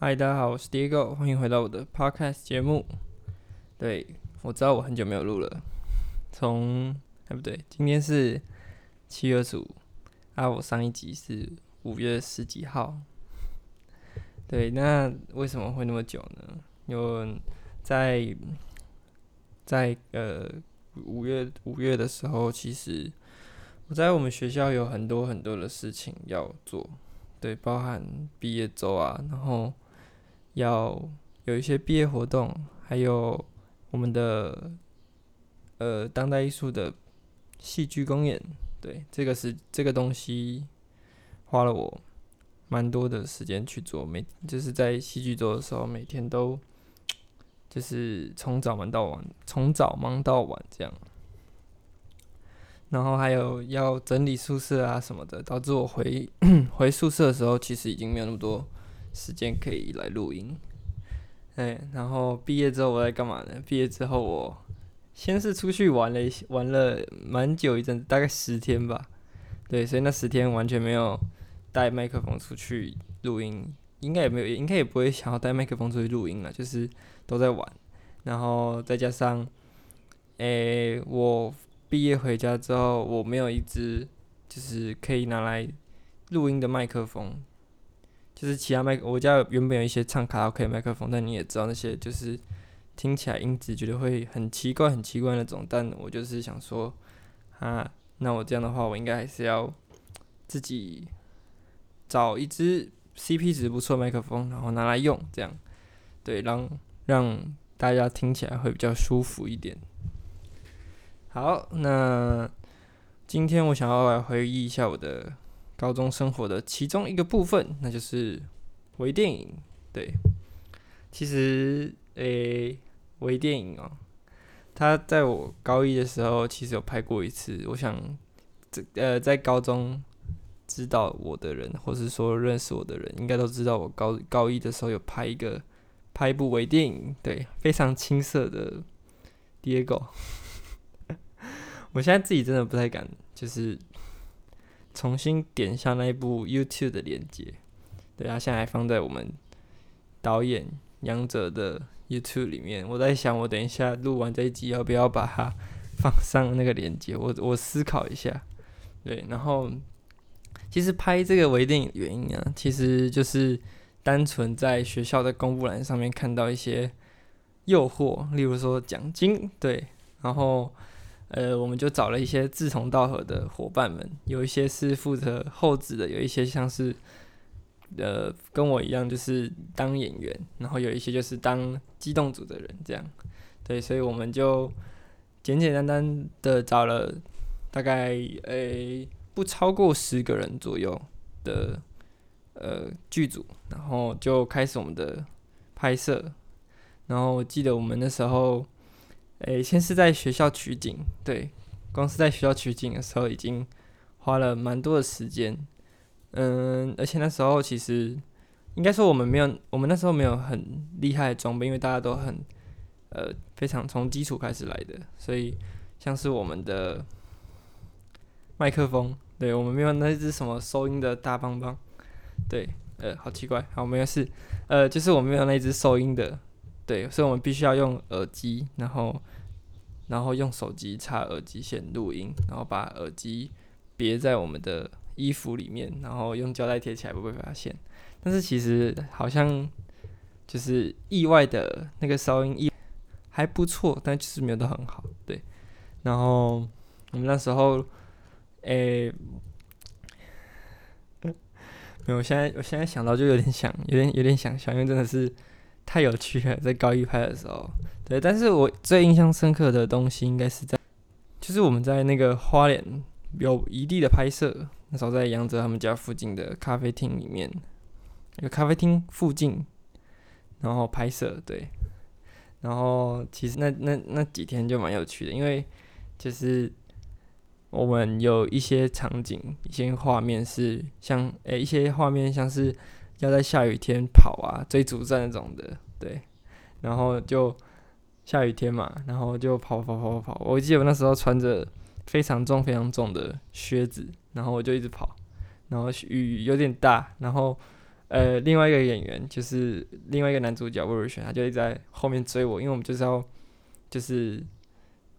嗨，大家好，我是 Diego，歡迎回到我的 podcast 節目。對，我知道我很久沒有錄了，從，哎不對，今天是七月十五，啊，我上一集是五月十幾號。對，那為什麼會那麼久呢？因為在在呃五月五月的時候，其實我在我們學校有很多很多的事情要做，對，包含畢業週啊，然後。要有一些畢業活動，還有我們的呃當代藝術的戲劇公演，對，這個是這個東西花了我蠻多的時間去做，每就是在戲劇做的時候，每天都就是從早忙到晚，從早忙到晚這樣。然後還有要整理宿舍啊什麼的，導致我回 回宿舍的時候，其實已經沒有那麼多。時間可以來錄音，哎，然後畢業之後我在幹嘛呢？畢業之後我先是出去玩了一些，玩了蠻久一陣子，大概十天吧。對，所以那十天完全沒有帶麥克風出去錄音，應該也沒有，應該也不會想要帶麥克風出去錄音了，就是都在玩。然後再加上，哎、欸，我畢業回家之後，我沒有一支就是可以拿來錄音的麥克風。就是其他麥克，我家原本有一些唱卡拉 OK 的麥克風，但你也知道那些就是聽起來音質覺得會很奇怪，很奇怪那種。但我就是想說，啊，那我這樣的話，我應該還是要自己找一支 CP 值不錯的麥克風，然後拿來用，這樣，對，讓讓大家聽起來會比較舒服一點。好，那今天我想要來回憶一下我的高中生活的其中一個部分，那就是微電影。對，其實誒、欸，微電影哦，他在我高一的時候其實有拍過一次。我想，這呃，在高中知道我的人，或是說認識我的人，應該都知道我高高一的時候有拍一個拍一部微電影。對，非常青澀的 Diego。 我現在自己真的不太敢，就是。重新點一下那一部 YouTube 的鏈接，對啊，它現在還放在我們導演楊哲的 YouTube 裡面。我在想，我等一下錄完這一集要不要把它放上那個鏈接？我我思考一下。對，然後其實拍這個微電影的原因啊，其實就是單純在學校的公布欄上面看到一些誘惑，例如說獎金，對，然後。呃，我們就找了一些志同道合的夥伴們，有一些是負責後製的，有一些像是，呃，跟我一樣就是當演員，然後有一些就是當機動組的人這樣，對，所以我們就簡簡單單的找了大概呃不超過十個人左右的呃劇組，然後就開始我們的拍攝，然後我記得我們那時候。誒、欸，先是在學校取景，對，光是在學校取景的時候已經花了蠻多的時間，嗯，而且那時候其實應該說我們沒有，我們那時候沒有很厲害的裝備，因為大家都很呃非常從基礎開始來的，所以像是我們的麥克風，對，我們沒有那支什麼收音的大棒棒，對，呃，好奇怪，好，沒事，呃，就是我們沒有那支收音的。對，所以我們必須要用耳機，然後，然後用手機插耳機線錄音，然後把耳機別在我們的衣服裡面，然後用膠帶貼起來，不被發現。但是其實好像就是意外的那個噪音一還不錯，但其實沒有都很好。對，然後你們那時候，哎，沒有，我現在我現在想到就有點想，有點有點想笑，因為真的是。太有趣了，在高一拍的時候，對，但是我最印象深刻的東西應該是在，就是我們在那個花蓮有異地的拍攝，那時候在楊哲他們家附近的咖啡廳裡面，那個咖啡廳附近，然後拍攝，對，然後其實那那那幾天就蠻有趣的，因為就是我們有一些場景、一些畫面是像，誒，一些畫面像是。要在下雨天跑啊，追逐戰那種的，對，然後就下雨天嘛，然後就跑跑跑跑跑。我記得我那時候穿着非常重非常重的靴子，然後我就一直跑，然後雨，雨有點大，然後呃，另外一個演員就是另外一個男主角威爾遜，他就一直在後面追我，因為我們就是要就是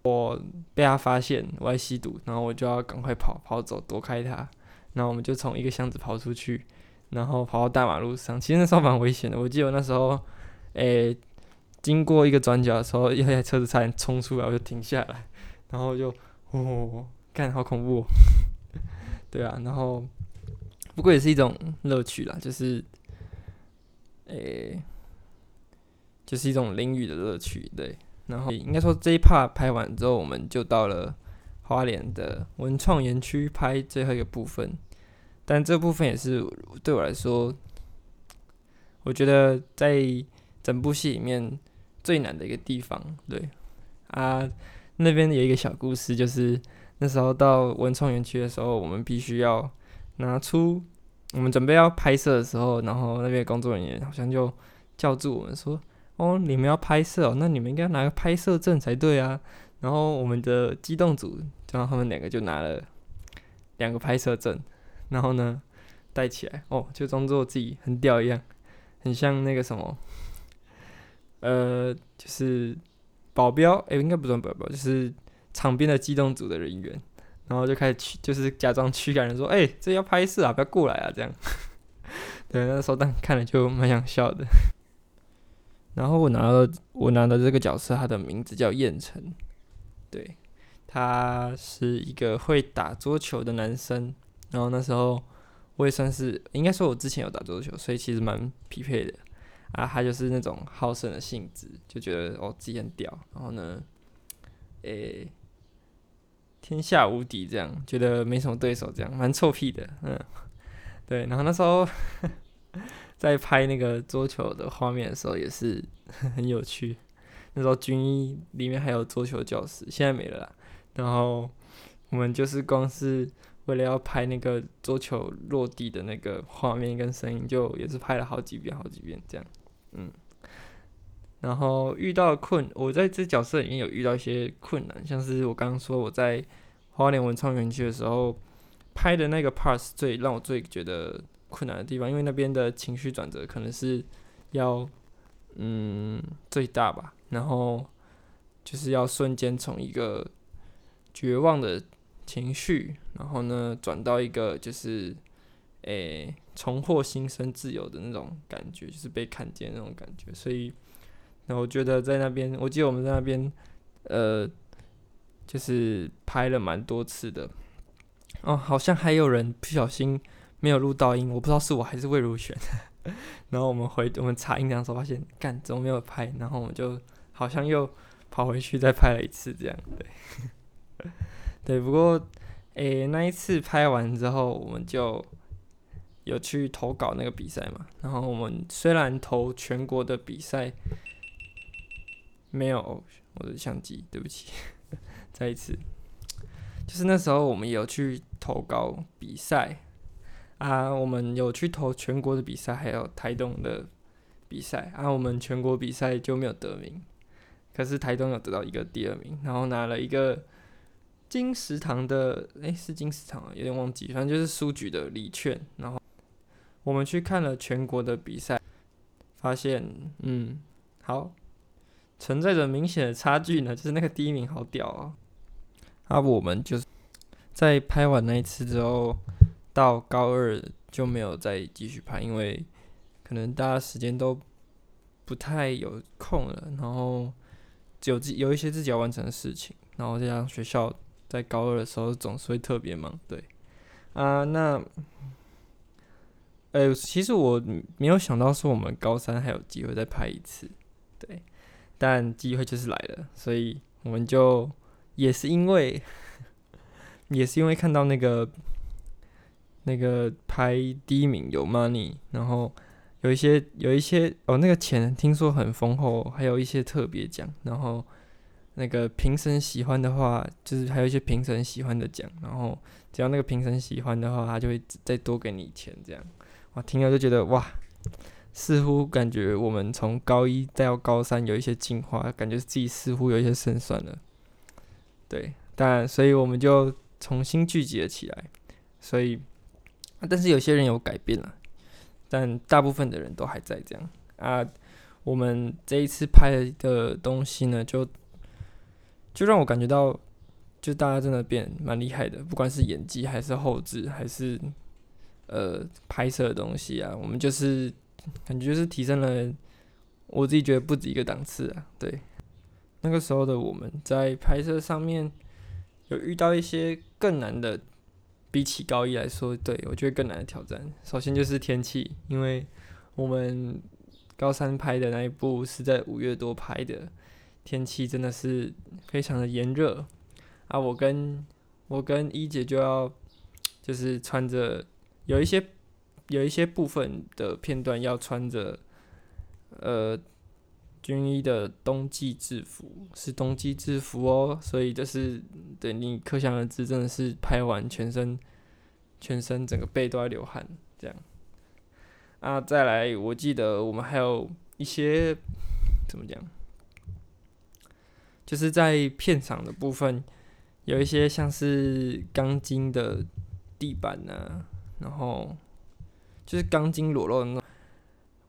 我被他發現我在吸毒，然後我就要趕快跑跑走躲開他，然後我們就從一個箱子跑出去。然後跑到大馬路上，其實那時候蠻危險的。我記得我那時候，哎，經過一個轉角的時候，一台車子差點衝出來，我就停下來，然後就，哇、哦，看好恐怖、哦， 對啊，然後，不過也是一種樂趣啦，就是，誒，就是一種淋雨的樂趣，對。然後應該說這一 part 拍完之後，我們就到了花蓮的文創園區拍最後一個部分。但這部分也是對我來說，我覺得在整部戲裡面最難的一個地方。對啊，那邊有一個小故事，就是那時候到文創園區的時候，我們必須要拿出我們準備要拍攝的時候，然後那邊工作人員好像就叫住我們說：“哦，你們要拍攝哦，那你們應該拿個拍攝證才對啊。”然後我們的機動組，然後他們兩個就拿了兩個拍攝證。然後呢，戴起來哦，就裝作自己很屌一樣，很像那個什麼，呃，就是保鏢。哎，應該不算保鏢，就是場邊的機動組的人員。然後就開始驅，就是假裝驅趕人，說：“哎，這要拍攝啊，不要過來啊。”這樣。 對，那時候當看了就蠻想笑的。然後我拿到我拿到這個角色，他的名字叫燕城。對，他是一個會打桌球的男生。然後那時候我也算是應該說，我之前有打桌球，所以其實蠻匹配的啊。他就是那種好勝的性質，就覺得我、哦、自己很屌。然後呢，誒，天下無敵，這樣覺得沒什麼對手，這樣蠻臭屁的。嗯，對。然後那時候在拍那個桌球的畫面的時候，也是很有趣。那時候軍醫裡面還有桌球教室，現在沒了啦。然後我們就是光是。為了要拍那個桌球落地的那個畫面跟聲音，就也是拍了好幾遍、好幾遍這樣。嗯，然後遇到困，我在這角色裡面有遇到一些困難，像是我剛剛說我在花蓮文創園區的時候拍的那個 part 是最讓我最覺得困難的地方，因為那邊的情緒轉折可能是要嗯最大吧，然後就是要瞬間從一個絕望的情緒。然後呢，轉到一個就是，誒、欸，重獲新生、自由的那種感覺，就是被看見那種感覺。所以，那我覺得在那邊，我記得我們在那邊，呃，就是拍了蠻多次的。哦，好像還有人不小心沒有錄到音，我不知道是我還是魏如萱。 然後我們回我們查音量的時候，發現幹怎麼沒有拍？然後我們就好像又跑回去再拍了一次，這樣對。 對，不過。誒，那一次拍完之後，我們就有去投稿那個比賽嘛。然後我們雖然投全國的比賽，沒有我的相機，對不起。再一次，就是那時候我們有去投稿比賽啊，我們有去投全國的比賽，還有台東的比賽啊。我們全國比賽就沒有得名，可是台東有得到一個第二名，然後拿了一個。金石堂的，哎，是金石堂，有點忘記。反正就是書局的禮券，然後我們去看了全國的比賽，發現嗯，好存在着明顯的差距呢。就是那個第一名好屌啊、哦！啊，我們就是在拍完那一次之後，到高二就沒有再繼續拍，因為可能大家時間都不太有空了，然後有有一些自己要完成的事情，然後加上學校。在高二的時候總是會特別忙對、uh,，對、欸、啊，那其實我沒有想到說我們高三還有機會再拍一次，對，但機會就是來了，所以我們就也是因為 也是因為看到那個那個拍第一名有 money，然後有一些有一些哦、oh,，那個錢聽說很豐厚，還有一些特別獎，然後。那個評審喜歡的話，就是還有一些評審喜歡的獎，然後只要那個評審喜歡的話，他就會再多給你錢。這樣我聽了就覺得哇，似乎感覺我們從高一再到高三有一些進化，感覺自己似乎有一些勝算了。對，但所以我們就重新聚集了起來。所以，啊，但是有些人有改變了，但大部分的人都還在這樣啊。我們這一次拍的東西呢，就就讓我感覺到，就大家真的變蠻厲害的，不管是演技還是後製，還是呃拍攝的東西啊，我們就是感覺就是提升了，我自己覺得不止一個檔次啊。對，那個時候的我們在拍攝上面有遇到一些更難的，比起高一來說，對我覺得更難的挑戰。首先就是天氣，因為我們高三拍的那一部是在五月多拍的。天氣真的是非常的炎熱啊！我跟我跟一姐就要就是穿着有一些有一些部分的片段要穿着呃軍衣的冬季制服，是冬季制服哦，所以就是對，你可想而知，真的是拍完全身全身整個背都在流汗，這樣啊！再來，我記得我們還有一些怎麼講？就是在片場的部分，有一些像是鋼筋的地板呢、啊，然後就是鋼筋裸露的那種。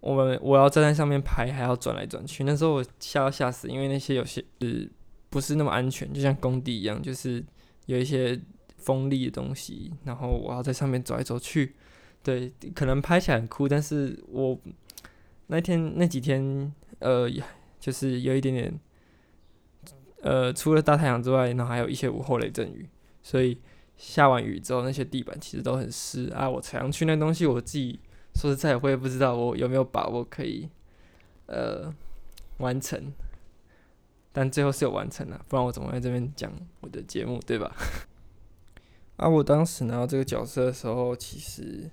我們我要站在上面拍，還要轉來轉去。那時候我嚇到嚇死，因為那些有些呃不是那麼安全，就像工地一樣，就是有一些鋒利的東西。然後我要在上面走來走去，對，可能拍起來很酷，但是我那天那幾天，呃，就是有一點點。呃，除了大太陽之外，然後還有一些午後雷陣雨，所以下完雨之後，那些地板其實都很濕啊。我踩上去那東西，我自己說實在，我也不知道我有沒有把握可以呃完成，但最後是有完成了，啊，不然我怎麼在這邊講我的節目，對吧？ 啊，我當時拿到這個角色的時候，其實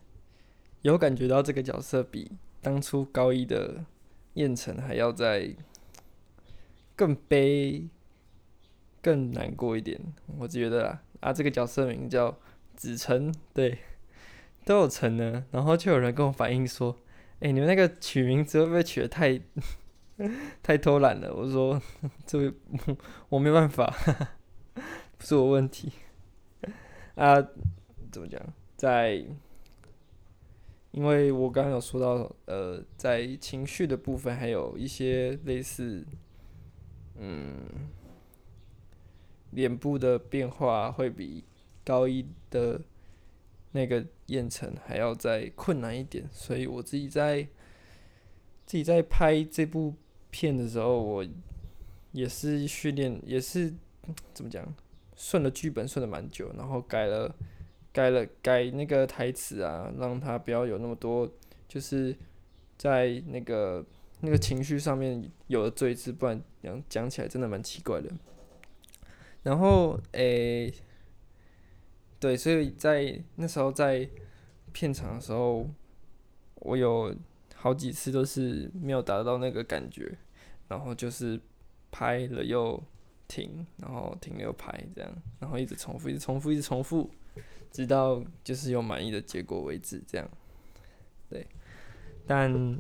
有感覺到這個角色比當初高一的彥城還要再更悲。更難過一點，我只覺得啊，這個角色名叫子辰，對，都有辰呢。然後就有人跟我反映說：“誒、欸，你們那個取名字會不會取得太 太偷懶了？”我說：“這個、我，我沒辦法， 不是我問題啊。”怎麼講？在因為我剛剛有說到，呃，在情緒的部分，還有一些類似，嗯。臉部的變化會比高一的那個演程，還要再困難一點，所以我自己在自己在拍這部片的時候，我也是訓練，也是怎麼講，順了劇本順了蠻久，然後改了改了改那個台詞啊，讓他不要有那麼多，就是在那個那個情緒上面有了贅字，不然講講起來真的蠻奇怪的。然後誒，對，所以在那時候在片場的時候，我有好幾次都是沒有達到那個感覺，然後就是拍了又停，然後停又拍這樣，然後一直重複，一直重複，一直重複，直到就是有滿意的結果為止，這樣。對，但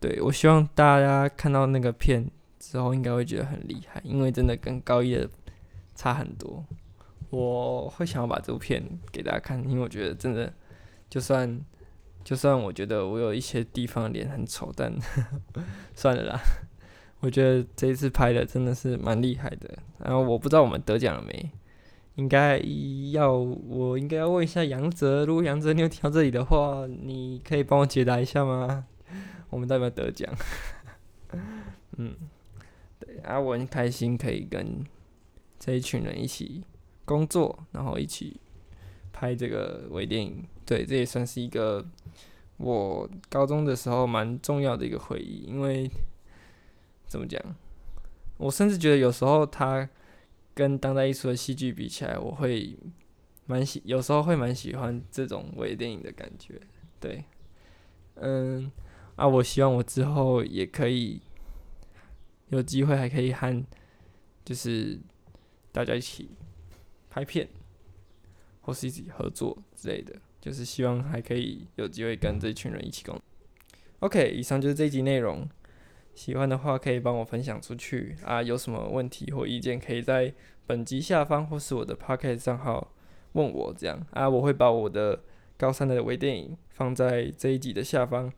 對我希望大家看到那個片。之後應該會覺得很厲害，因為真的跟高一的差很多。我會想要把這部片給大家看，因為我覺得真的，就算就算我覺得我有一些地方臉很醜，但呵呵算了啦。我覺得這一次拍的真的是蠻厲害的。然後我不知道我們得獎了沒，應該要我應該要問一下楊哲，如果楊哲你有聽到這裡的話，你可以幫我解答一下嗎？我們代表得獎，嗯。對，啊，我很開心可以跟這一群人一起工作，然後一起拍這個微電影。對，這也算是一個我高中的時候蠻重要的一個回憶。因為怎麼講，我甚至覺得有時候他跟當代藝術的戲劇比起來，我會蠻喜，有時候會蠻喜歡這種微電影的感覺。對，嗯，啊，我希望我之後也可以。有機會還可以和，就是大家一起拍片，或是一起合作之類的，就是希望還可以有機會跟這群人一起共。OK，以上就是這一集內容。喜歡的話可以幫我分享出去啊！有什麼問題或意見，可以在本集下方或是我的 Podcast 賬號問我這樣啊！我會把我的高三的微電影放在這一集的下方。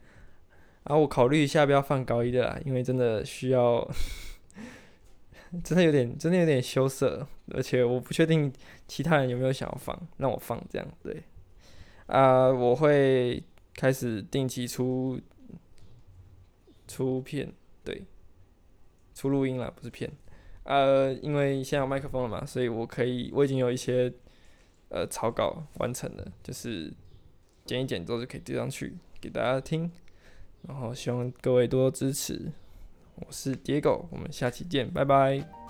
後、啊、我考慮一下，要不要放高一的啦？因為真的需要呵呵，真的有點，真的有點羞澀，而且我不確定其他人有沒有想要放，讓我放這樣對。啊、呃，我會開始定期出出片，對，出錄音了，不是片。呃，因為現在有麥克風了嘛，所以我可以，我已經有一些呃草稿完成了，就是剪一剪之後就可以丟上去給大家聽。然後希望各位多多支持，我是杰狗，我們下期見，拜拜。